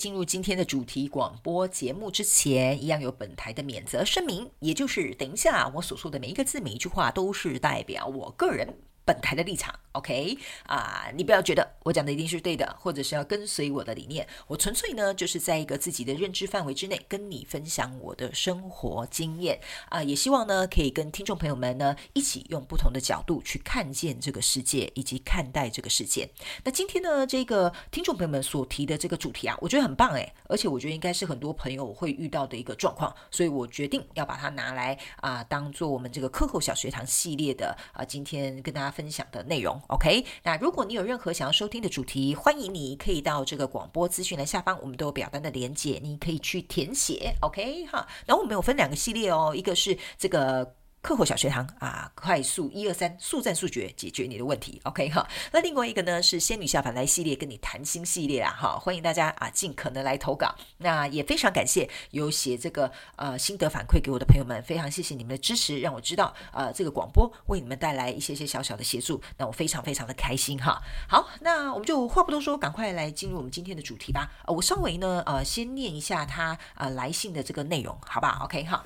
進入今天的主題廣播節目之前，一樣有本台的免責聲明，也就是等一下我所說的每一個字、每一句話，都是代表我個人，本台的立場，OK 啊，你不要覺得我講的一定是對的，或者是要跟隨我的理念。我純粹呢，就是在一個自己的認知範圍之內，跟你分享我的生活經驗啊，也希望呢，可以跟聽眾朋友們呢，一起用不同的角度去看見這個世界，以及看待這個世界。那今天呢，這個聽眾朋友們所提的這個主題啊，我覺得很棒誒、欸。而且我覺得應該是很多朋友會遇到的一個狀況，所以我決定要把它拿來啊，當做我們這個課後小學堂系列的啊，今天跟大家。分享的內容，OK。那如果你有任何想要收聽的主題，歡迎你可以到這個廣播資訊的下方，我們都有表單的連結，你可以去填寫，OK 哈。然後我們有分兩個系列哦，一個是這個。課後小學堂啊，快速一二三，速戰速決解決你的問題，OK 哈。那另外一個呢是仙女下凡來系列，跟你談心系列啊，哈，歡迎大家啊，盡可能來投稿。那也非常感謝有寫這個呃心得反饋給我的朋友們，非常謝謝你們的支持，讓我知道呃這個廣播為你們帶來一些些小小的協助，那我非常非常的開心哈。好，那我們就話不多說，趕快來進入我們今天的主題吧。呃、我稍微呢呃先念一下他呃來信的這個內容，好不好？OK 哈。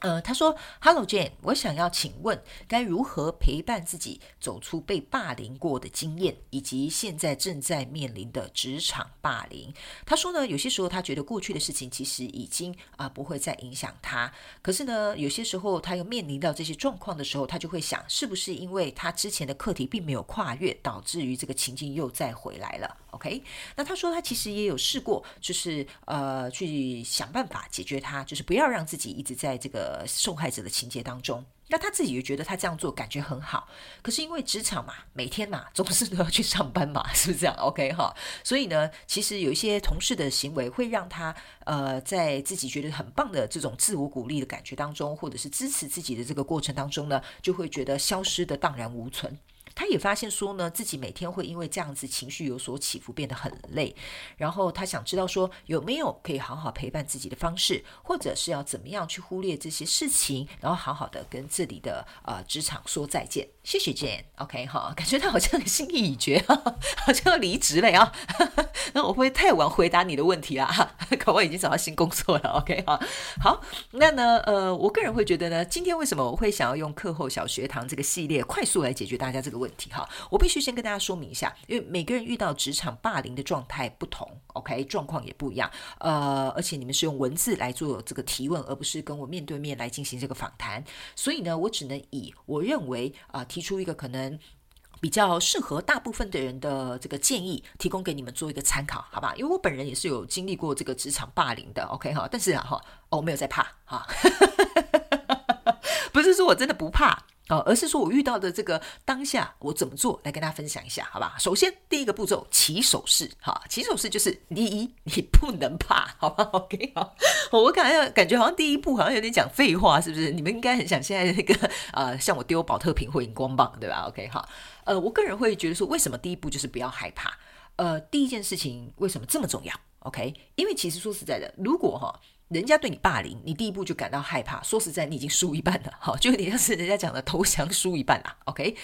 呃，他說：“Hello Jhen，我想要請問，該如何陪伴自己走出被霸凌過的經驗，以及現在正在面臨的職場霸凌？”他說呢，有些時候他覺得過去的事情其實已經啊、呃、不會再影響他，可是呢，有些時候他又面臨到這些狀況的時候，他就會想，是不是因為他之前的課題並沒有跨越，導致於這個情境又再回來了。OK，那他說他其實也有試過，就是呃去想辦法解決他，就是不要讓自己一直在這個受害者的情節當中。那他自己也覺得他這樣做感覺很好，可是因為職場嘛，每天嘛總是都要去上班嘛，是不是這樣？OK 哈，所以呢，其實有一些同事的行為，會讓他呃在自己覺得很棒的這種自我鼓勵的感覺當中，或者是支持自己的這個過程當中呢，就會覺得消失得蕩然無存。他也發現說呢，自己每天會因為這樣子情緒有所起伏，變得很累。然後他想知道說有沒有可以好好陪伴自己的方式，或者是要怎麼樣去忽略這些事情，然後好好的跟這裡的呃職場說再見。謝謝 Jhen，OK、okay, 哈、哦，感覺他好像心意已決、啊，好像要離職了哈，那 我會太晚回答你的問題啊，哈，可我已經找到新工作了，OK 哈、哦。好，那呢呃，我個人會覺得呢，今天為什麼我會想要用課後小學堂這個系列快速來解決大家這個問題？問題哈，我必須先跟大家說明一下，因為每個人遇到職場霸凌的狀態不同，OK，狀況也不一樣。呃，而且你們是用文字來做這個提問，而不是跟我面對面來進行這個訪談，所以呢，我只能以我認為啊、呃，提出一個可能比較適合大部分的人的這個建議，提供給你們做一個參考，好吧？因為我本人也是有經歷過這個職場霸凌的，OK 哈，但是哈，哦，我沒有在怕哈，哦、 不是說我真的不怕。啊，而是說我遇到的這個當下，我怎麼做來跟大家分享一下，好吧？首先，第一個步驟，起手式，哈，起手式就是第一，你不能怕，好吧？OK，哈，我感覺感覺好像第一步好像有點講廢話，是不是？你們應該很想現在那個呃，像我丟寶特瓶或熒光棒，對吧？OK，哈，呃，我個人會覺得說，為什麼第一步就是不要害怕？呃，第一件事情為什麼這麼重要？OK，因為其實說實在的，如果哈、哦、人家對你霸凌，你第一步就感到害怕。說實在，你已經輸一半了，哈、哦，就有點像是人家講的投降，輸一半了。OK，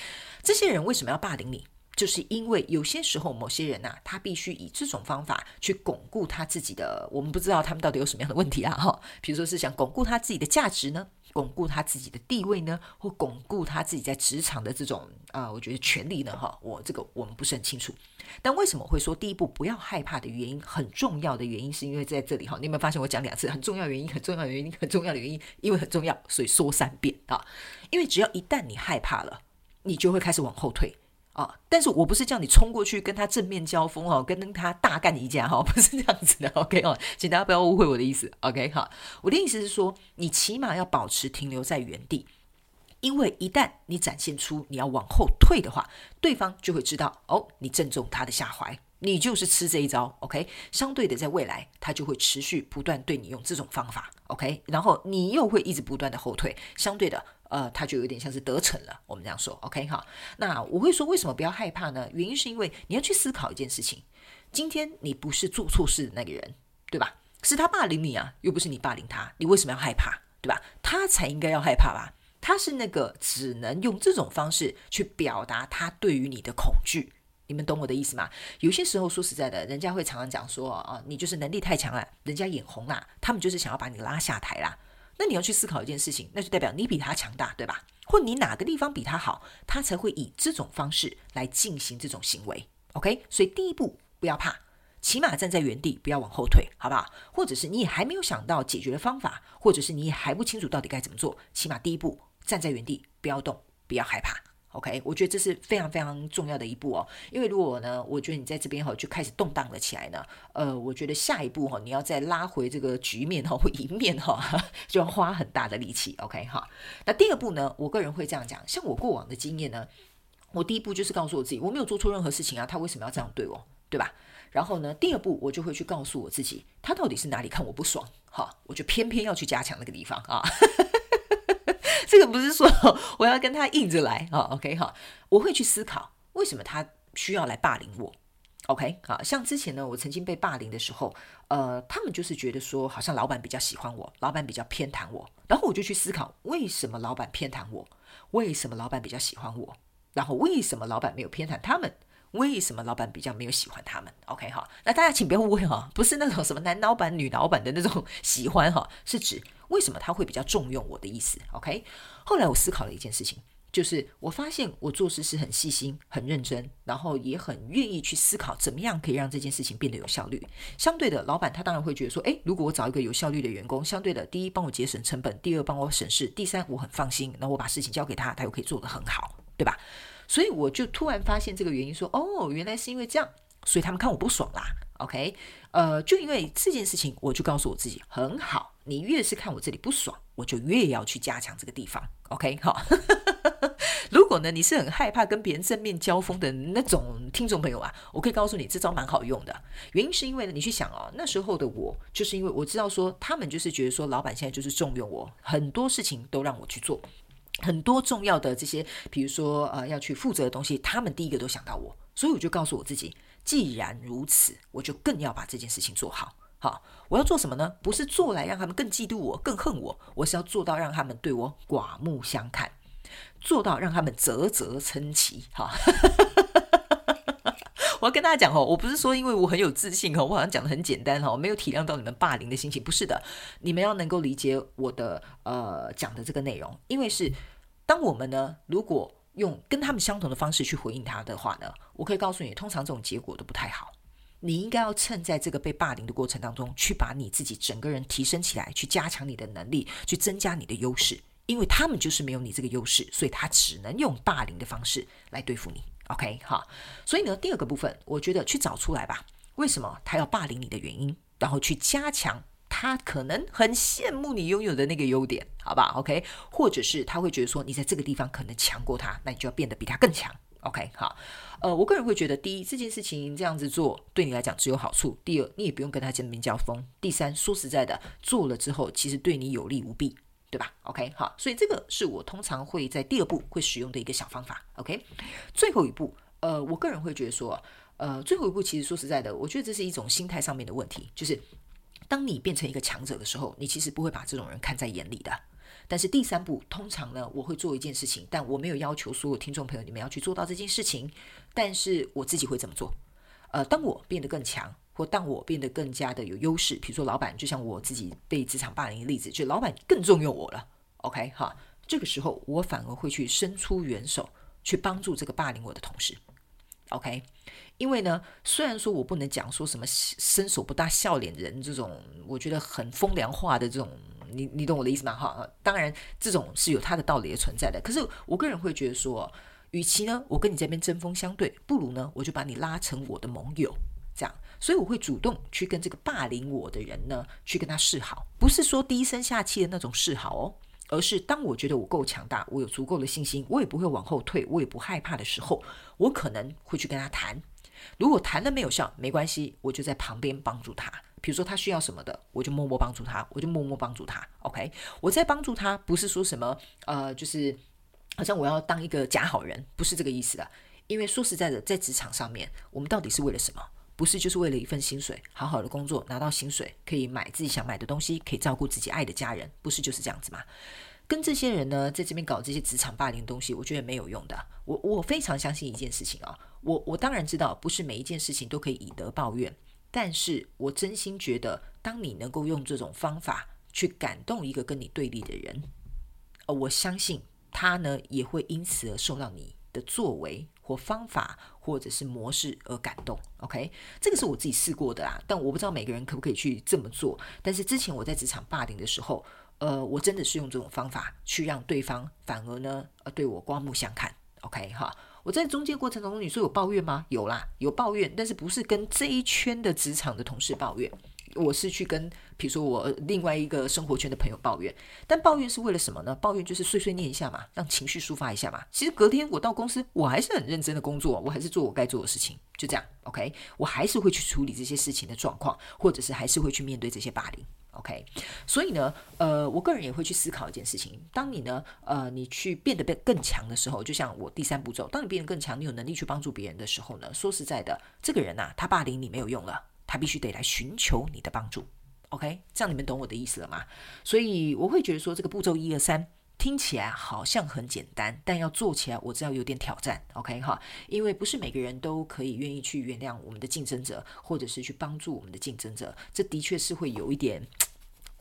這些人為什麼要霸凌你？就是因為有些時候某些人吶、啊，他必須以這種方法去鞏固他自己的。我們不知道他們到底有什麼樣的問題啊，哈、哦。比如說是想鞏固他自己的價值呢？鞏固他自己的地位呢，或鞏固他自己在職場的這種啊、呃，我覺得權力呢，哈、哦，我這個我們不是很清楚。但為什麼會說第一步不要害怕的原因，很重要的原因是因為在這裡哈，你有沒有發現我講兩次很重要的原因，很重要的原因，很重要的原因，因為很重要，所以說三遍啊、哦，因為只要一旦你害怕了，你就會開始往後退。啊、哦！但是我不是叫你衝過去跟他正面交鋒哈、哦，跟他大幹一架哈、哦，不是這樣子的。OK 哦，請大家不要誤會我的意思。OK 好，我的意思是說，你起碼要保持停留在原地，因為一旦你展現出你要往後退的話，對方就會知道哦，你正中他的下懷，你就是吃這一招。OK，相對的，在未來他就會持續不斷對你用這種方法。OK，然後你又會一直不斷的後退，相對的。呃，他就有點像是得逞了，我們這樣說，OK，好。那我會說，為什麼不要害怕呢？原因是因為你要去思考一件事情，今天你不是做錯事的那個人，對吧？是他霸凌你啊，又不是你霸凌他，你為什麼要害怕，對吧？他才應該要害怕吧？他是那個只能用這種方式去表達他對於你的恐懼，你們懂我的意思嗎？有些時候說實在的，人家會常常講說哦、呃，你就是能力太強了，人家眼紅啦，他們就是想要把你拉下台啦。那你要去思考一件事情，那就代表你比他強大，對吧？或你哪個地方比他好，他才會以這種方式來進行這種行為。OK，所以第一步不要怕，起碼站在原地不要往後退，好不好？或者是你也還沒有想到解決的方法，或者是你也還不清楚到底該怎麼做，起碼第一步站在原地不要動，不要害怕。OK，我覺得這是非常非常重要的一步哦，因為如果呢，我覺得你在這邊哈就開始動盪了起來呢，呃，我覺得下一步哈你要再拉回這個局面哈會贏面哈就要花很大的力氣，OK 哈。那第二步呢，我個人會這樣講，像我過往的經驗呢，我第一步就是告訴我自己我沒有做錯任何事情啊，他為什麼要這樣對我，對吧？然後呢，第二步我就會去告訴我自己，他到底是哪裡看我不爽哈，我就偏偏要去加強那個地方啊。這個不是說我要跟他硬着來啊，OK 哈，我會去思考為什麼他需要來霸凌我，OK 啊？像之前呢，我曾經被霸凌的時候，呃，他們就是覺得說好像老板比較喜歡我，老板比較偏袒我，然後我就去思考為什麼老板偏袒我，為什麼老板比較喜歡我，然後為什麼老板沒有偏袒他們？為什麼老闆比較沒有喜歡他們？OK，好，那大家請不要誤會哈，不是那種什麼男老闆、女老闆的那種喜歡哈，是指為什麼他會比較重用我的意思？OK，後來我思考了一件事情，就是我發現我做事是很細心、很認真，然後也很願意去思考怎麼樣可以讓這件事情變得有效率。相對的，老闆他當然會覺得說，誒，如果我找一個有效率的員工，相對的第一，幫我節省成本；第二，幫我省事；第三，我很放心。那我把事情交給他，他又可以做得很好，對吧？所以我就突然發現這個原因說哦，原來是因為這樣，所以他們看我不爽啦。OK，呃，就因為這件事情，我就告訴我自己，很好。你越是看我這裡不爽，我就越要去加強這個地方。OK，好。 如果呢，你是很害怕跟別人正面交鋒的那種聽眾朋友啊，我可以告訴你這招蠻好用的。原因是因為呢，你去想哦，那時候的我就是因為我知道說，他們就是覺得說老闆現在就是重用我，很多事情都讓我去做。很多重要的這些，比如說呃，要去負責的東西，他們第一個都想到我，所以我就告訴我自己，既然如此，我就更要把這件事情做好。好，我要做什麼呢？不是做來讓他們更嫉妒我、更恨我，我是要做到讓他們對我刮目相看，做到讓他們嘖嘖稱奇。哈， 我要跟大家講哦，我不是說因為我很有自信哦，我好像講的很簡單哈，我沒有體諒到你們霸凌的心情，不是的，你們要能夠理解我的呃講的這個內容，因為是。當我們呢，如果用跟他們相同的方式去回應他的話呢，我可以告訴你，通常這種結果都不太好。你應該要趁在這個被霸凌的過程當中，去把你自己整個人提升起來，去加強你的能力，去增加你的優勢，因為他們就是沒有你這個優勢，所以他只能用霸凌的方式來對付你。OK，哈。所以呢，第二個部分，我覺得去找出來吧，為什麼他要霸凌你的原因，然後去加強。他可能很羨慕你擁有的那個優點，好吧？OK，或者是他會覺得說你在這個地方可能強過他，那你就要變得比他更強，OK？好，呃，我個人會覺得，第一，這件事情這樣子做對你來講只有好處；第二，你也不用跟他正面交鋒；第三，說實在的，做了之後其實對你有利無弊，對吧？OK，好，所以這個是我通常會在第二步會使用的一個小方法，OK？最後一步，呃，我個人會覺得說，呃，最後一步其實說實在的，我覺得這是一種心態上面的問題，就是。當你變成一個強者的時候，你其實不會把這種人看在眼裡的。但是第三步，通常呢，我會做一件事情，但我沒有要求所有聽眾朋友你們要去做到這件事情，但是我自己會這麼做。呃，當我變得更強，或當我變得更加的有優勢，比如說老闆，就像我自己被職場霸凌的例子，就老闆更重用我了。OK，哈，這個時候我反而會去伸出援手，去幫助這個霸凌我的同事。OK，因為呢，雖然說我不能講說什麼伸手不打笑臉人這種，我覺得很風涼話的這種，你你懂我的意思嗎？哈，當然這種是有他的道理也存在的。可是我個人會覺得說，與其呢我跟你這邊針鋒相對，不如呢我就把你拉成我的盟友，這樣。所以我會主動去跟這個霸凌我的人呢，去跟他示好，不是說低聲下氣的那種示好哦。而是當我覺得我夠強大，我有足夠的信心，我也不會往後退，我也不害怕的時候，我可能會去跟他談。如果談了沒有效，沒關係，我就在旁邊幫助他。比如說他需要什麼的，我就默默幫助他，我就默默幫助他。OK，我在幫助他，不是說什麼呃，就是好像我要當一個假好人，不是這個意思的。因為說實在的，在職場上面，我們到底是為了什麼？不是，就是為了一份薪水，好好的工作，拿到薪水，可以買自己想買的東西，可以照顧自己愛的家人，不是就是這樣子嗎？跟這些人呢，在這邊搞這些職場霸凌的東西，我覺得沒有用的。我我非常相信一件事情啊、哦，我我當然知道，不是每一件事情都可以以德報怨，但是我真心覺得，當你能夠用這種方法去感動一個跟你對立的人，呃、哦，我相信他呢，也會因此而受到你的作為或方法。或者是模式而感動，OK，這個是我自己試過的啦，但我不知道每個人可不可以去這麼做。但是之前我在職場霸凌的時候，呃，我真的是用這種方法去讓對方，反而呢，呃，對我刮目相看，OK，哈。我在中介過程當中，你說有抱怨嗎？有啦，有抱怨，但是不是跟這一圈的職場的同事抱怨。我是去跟，比如說我另外一個生活圈的朋友抱怨，但抱怨是為了什麼呢？抱怨就是碎碎念一下嘛，讓情緒抒發一下嘛。其實隔天我到公司，我還是很認真的工作，我還是做我該做的事情，就這樣，OK。我還是會去處理這些事情的狀況，或者是還是會去面對這些霸凌，OK。所以呢，呃，我個人也會去思考一件事情，當你呢，呃，你去變得變更強的時候，就像我第三步驟，當你變得更強，你有能力去幫助別人的時候呢，說實在的，這個人吶、啊，他霸凌你沒有用了。他必須得來尋求你的幫助，OK，這樣你們懂我的意思了嗎？所以我會覺得說這個步驟一、二、三聽起來好像很簡單，但要做起來我知道有點挑戰，OK 哈，因為不是每個人都可以願意去原諒我們的競爭者，或者是去幫助我們的競爭者，這的確是會有一點。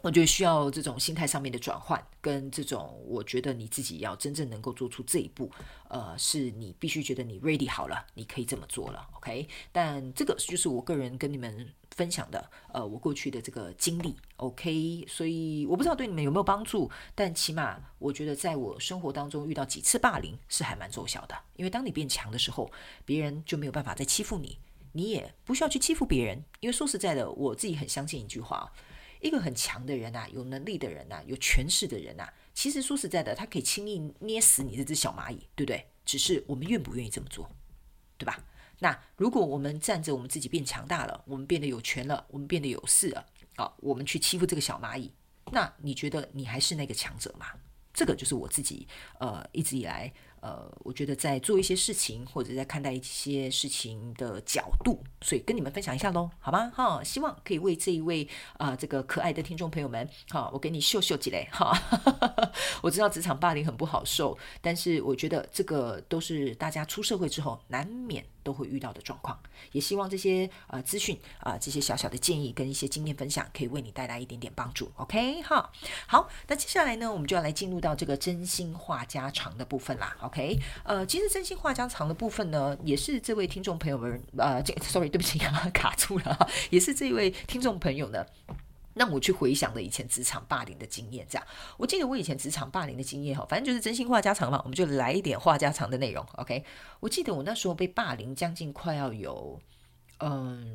我覺得需要這種心態上面的轉換，跟這種我覺得你自己要真正能夠做出這一步，呃，是你必須覺得你 ready 好了，你可以這麼做了，OK。但這個就是我個人跟你們分享的，呃，我過去的這個經歷，OK。所以我不知道對你們有沒有幫助，但起碼我覺得在我生活當中遇到幾次霸凌是還蠻奏效的，因為當你變強的時候，別人就沒有辦法再欺負你，你也不需要去欺負別人，因為說實在的，我自己很相信一句話。一個很強的人吶、啊，有能力的人吶、啊，有權勢的人吶、啊，其實說實在的，他可以輕易捏死你這隻小螞蟻，對不對？只是我們願不願意這麼做，對吧？那如果我們站着，我們自己變強大了，我們變得有權了，我們變得有勢了，好，我們去欺負這個小螞蟻，那你覺得你還是那個強者嗎？這個就是我自己呃一直以來。呃，我覺得在做一些事情，或者在看待一些事情的角度，所以跟你們分享一下嘍，好嗎？哈、哦，希望可以為這一位啊、呃，這個可愛的聽眾朋友們，哈、哦，我給你秀秀幾類，哦、哈，哈，哈，哈，我知道職場霸凌很不好受，但是我覺得這個都是大家出社會之後難免。都會遇到的狀況，也希望這些呃資訊啊、呃，這些小小的建議跟一些經驗分享，可以為你帶來一點點幫助，OK 哈。好，那接下來呢，我們就要來進入到這個真心話家常的部分啦，OK？呃，其實真心話家常的部分呢，也是這位聽眾朋友們呃 sorry 對不起啊，卡住了，也是這位聽眾朋友呢。讓我去回想了以前職場霸凌的經驗，這樣。我記得我以前職場霸凌的經驗哈，反正就是真心話家常嘛，我們就來一點話家常的內容，OK？我記得我那時候被霸凌將近快要有，嗯，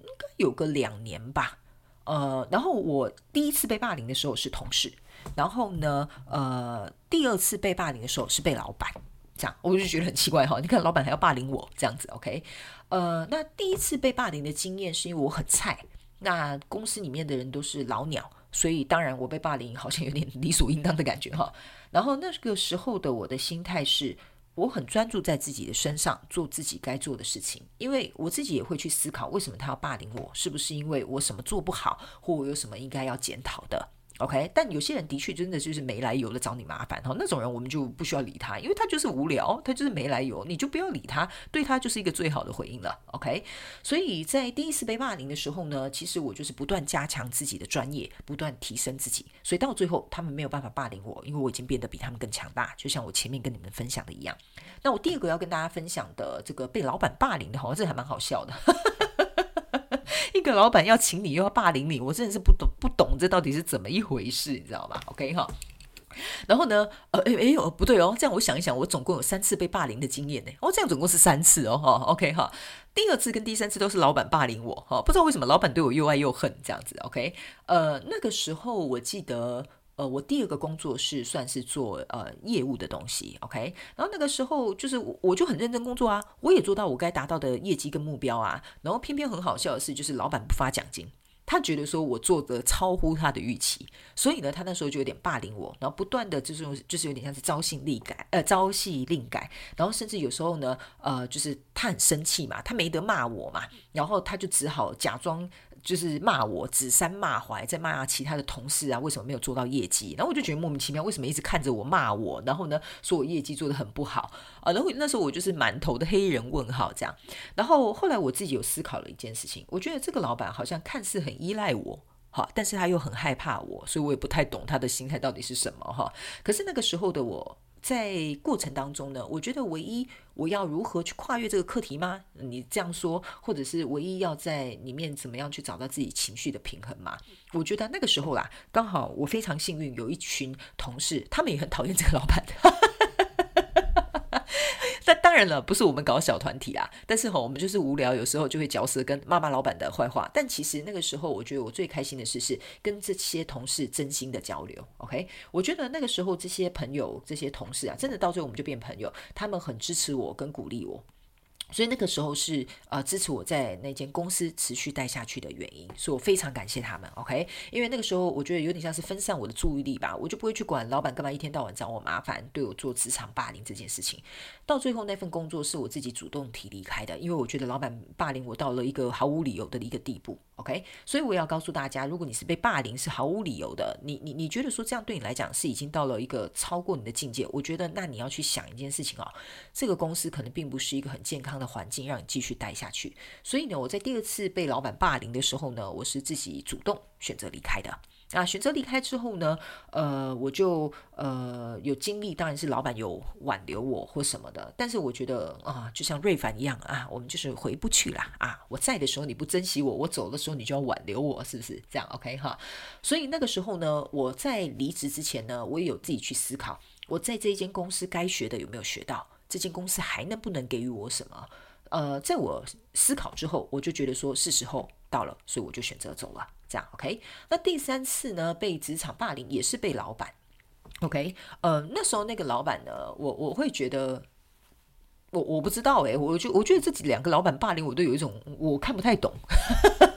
應該有個兩年吧，呃，然後我第一次被霸凌的時候是同事，然後呢，呃，第二次被霸凌的時候是被老闆，這樣我就覺得很奇怪哈，你看老闆還要霸凌我這樣子，OK？呃，那第一次被霸凌的經驗是因為我很菜。那公司裡面的人都是老鳥，所以當然我被霸凌，好像有點理所應當的感覺哈。然後那個時候的我的心態是，我很專注在自己的身上，做自己該做的事情，因為我自己也會去思考，為什麼他要霸凌我，是不是因為我什麼做不好，或我有什麼應該要檢討的。OK，但有些人的確真的就是沒來由的找你麻煩哈，那種人我們就不需要理他，因為他就是無聊，他就是沒來由，你就不要理他，對他就是一個最好的回應了。OK，所以在第一次被霸凌的時候呢，其實我就是不斷加強自己的專業，不斷提升自己，所以到最後他們沒有辦法霸凌我，因為我已經變得比他們更強大。就像我前面跟你們分享的一樣，那我第二個要跟大家分享的這個被老板霸凌的，好像這還蠻好笑的。 老闆要請你，又要霸凌你，我真的是不懂，不懂這到底是怎麼一回事，你知道吧？OK 哈，然後呢，呃，誒誒，哦，不對哦，這樣我想一想，我總共有三次被霸凌的經驗呢，哦，這樣總共是三次哦哈，OK 哈，第二次跟第三次都是老闆霸凌我，哈，不知道為什麼老闆對我又愛又恨這樣子，OK，呃，那個時候我記得。呃，我第二個工作是算是做呃業務的東西，OK。然後那個時候就是，我就很認真工作啊，我也做到我該達到的業績跟目標啊。然後偏偏很好笑的是，就是老板不發獎金，他覺得說我做的超乎他的預期，所以呢，他那時候就有點霸凌我，然後不斷的就是就是有點像是朝夕令改，呃朝夕令改，然後甚至有時候呢，呃，就是他很生氣嘛，他沒得罵我嘛，然後他就只好假裝。就是罵我指桑罵槐，在罵其他的同事啊，為什麼沒有做到業績？然後我就覺得莫名其妙，為什麼一直看着我罵我？然後呢，說我業績做得很不好啊。然後那時候我就是滿頭的黑人問號這樣。然後後來我自己有思考了一件事情，我覺得這個老闆好像看似很依賴我哈，但是他又很害怕我，所以我也不太懂他的心態到底是什麼哈。可是那個時候的我。在過程當中呢，我覺得唯一我要如何去跨越這個課題嗎？你這樣說，或者是唯一要在裡面怎麼樣去找到自己情緒的平衡嗎？我覺得那個時候啦、啊，剛好我非常幸運，有一群同事，他們也很討厭這個老闆。當然了，不是我們搞小團體啊，但是吼、哦，我們就是無聊，有時候就會嚼舌根罵罵老闆的壞話。但其實那個時候，我覺得我最開心的事是，是跟這些同事真心的交流。OK，我覺得那個時候這些朋友，這些同事啊，真的到最後我們就變朋友，他們很支持我跟鼓勵我。所以那個時候是呃支持我在那間公司持續待下去的原因，所以我非常感謝他們，OK？因為那個時候我覺得有點像是分散我的注意力吧，我就不會去管老闆幹嘛一天到晚找我麻煩，對我做職場霸凌這件事情。到最後那份工作是我自己主動提離開的，因為我覺得老闆霸凌我到了一個毫無理由的一個地步，OK？所以我要告訴大家，如果你是被霸凌是毫無理由的，你你你覺得說這樣對你來講是已經到了一個超過你的境界，我覺得那你要去想一件事情哦，這個公司可能並不是一個很健康。的環境讓你繼續待下去，所以呢，我在第二次被老板霸凌的時候呢，我是自己主動選擇離開的。啊，選擇離開之後呢，呃，我就呃有經歷，當然是老板有挽留我或什麼的，但是我覺得啊、呃，就像瑞凡一樣啊，我們就是回不去了啊。我在的時候你不珍惜我，我走的時候你就要挽留我，是不是這樣？OK 哈。所以那個時候呢，我在離職之前呢，我也有自己去思考，我在這一間公司該學的有沒有學到。這間公司還能不能給予我什麼？呃，在我思考之後，我就覺得說，是時候到了，所以我就選擇走了。這樣，OK？那第三次呢？被職場霸凌也是被老板，OK？呃，那時候那個老板呢，我我會覺得，我我不知道欸，我就我覺得這兩個老板霸凌我都有一種我看不太懂。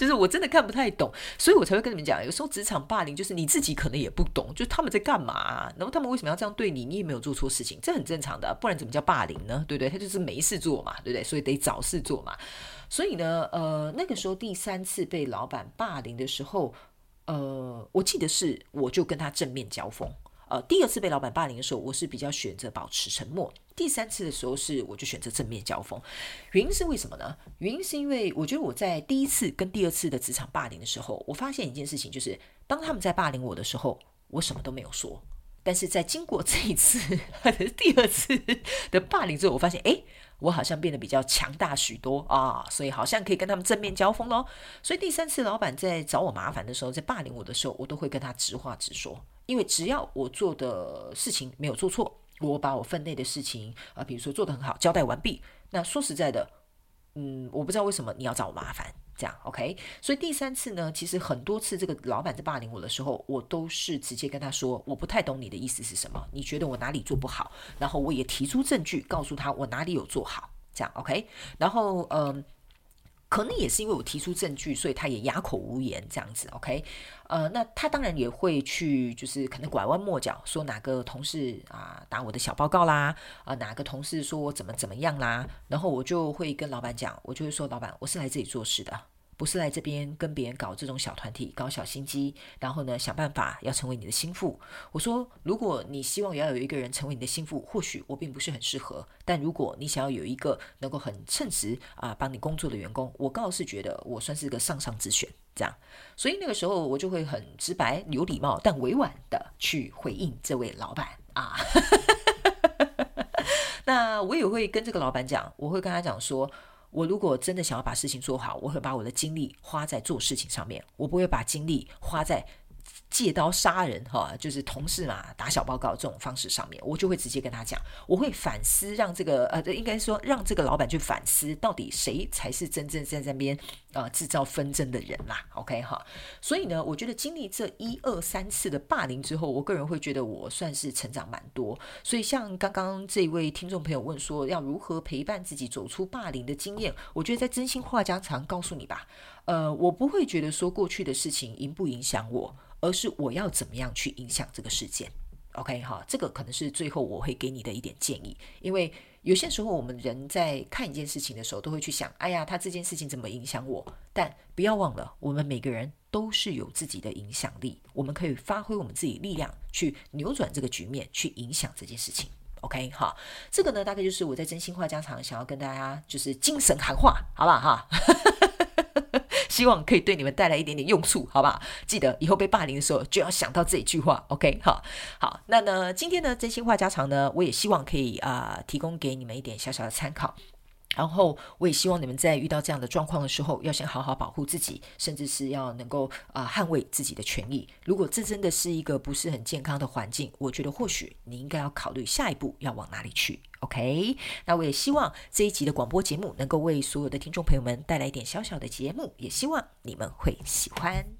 就是我真的看不太懂，所以我才會跟你們講，有時候職場霸凌就是你自己可能也不懂，就是他們在幹嘛，然後他們為什麼要這樣對你，你也沒有做錯事情，這很正常的，不然怎麼叫霸凌呢？對不對？他就是沒事做嘛，對不對？所以得找事做嘛。所以呢，呃，那個時候第三次被老板霸凌的時候，呃，我記得是我就跟他正面交鋒。呃，第二次被老板霸凌的時候，我是比較選擇保持沉默。第三次的時候是，我就選擇正面交鋒。原因是為什麼呢？原因是因為我覺得我在第一次跟第二次的職場霸凌的時候，我發現一件事情，就是當他們在霸凌我的時候，我什麼都沒有說。但是在經過這一次、第二次的霸凌之後，我發現，哎，我好像變得比較強大許多啊，所以好像可以跟他們正面交鋒咯。所以第三次，老闆在找我麻煩的時候，在霸凌我的時候，我都會跟他直話直說，因為只要我做的事情沒有做錯。我把我分內的事情啊、呃，比如說做得很好，交代完畢。那說實在的，嗯，我不知道為什麼你要找我麻煩，這樣 OK？所以第三次呢，其實很多次這個老板在霸凌我的時候，我都是直接跟他說，我不太懂你的意思是什麼，你覺得我哪裡做不好？然後我也提出證據，告訴他我哪裡有做好，這樣 OK？然後嗯。呃可能也是因為我提出證據，所以他也啞口無言這樣子，OK？呃，那他當然也會去，就是可能拐彎抹角說哪個同事啊、呃、打我的小報告啦，啊、呃、哪個同事說我怎麼怎麼樣啦，然後我就會跟老闆講，我就會說老闆，我是來這裡做事的。不是來這邊跟別人搞這種小團體、搞小心機，然後呢，想辦法要成為你的心腹。我說，如果你希望要有一個人成為你的心腹，或許我並不是很適合。但如果你想要有一個能夠很稱職啊幫你工作的員工，我倒是覺得我算是個上上之選。這樣，所以那個時候我就會很直白、有禮貌但委婉地去回應這位老闆啊。 那我也會跟這個老闆講，我會跟他講說。我如果真的想要把事情做好，我會把我的精力花在做事情上面，我不會把精力花在借刀殺人哈，就是同事嘛，打小報告這種方式上面，我就會直接跟他講，我會反思，讓這個呃，應該說讓這個老闆去反思，到底誰才是真正在這邊呃製造紛爭的人嘛？OK 哈，所以呢，我覺得經歷這一二三次的霸凌之後，我個人會覺得我算是成長蠻多。所以像剛剛這一位聽眾朋友問說，要如何陪伴自己走出霸凌的經驗，我覺得在真心話家常告訴你吧。呃，我不會覺得說過去的事情影不影響我，而是我要怎麼樣去影響這個事件。OK 哈，這個可能是最後我會給你的一點建議，因為有些時候我們人在看一件事情的時候，都會去想，哎呀，他這件事情怎麼影響我？但不要忘了，我們每個人都是有自己的影響力，我們可以發揮我們自己力量去扭轉這個局面，去影響這件事情。OK 哈，這個呢，大概就是我在真心話家常想要跟大家就是精神談話，好不好哈？ 希望可以對你們帶來一點點用處，好吧？記得以後被霸凌的時候，就要想到這一句話，OK？好，好，那呢，今天的真心話家常呢，我也希望可以啊、呃，提供給你們一點小小的參考。然後，我也希望你們在遇到這樣的狀況的時候，要先好好保護自己，甚至是要能夠啊、呃、捍衛自己的權益。如果這真的是一個不是很健康的環境，我覺得或許你應該要考慮下一步要往哪裡去。OK，那我也希望這一集的廣播節目能夠為所有的聽眾朋友們帶來一點小小的節目，也希望你們會喜歡。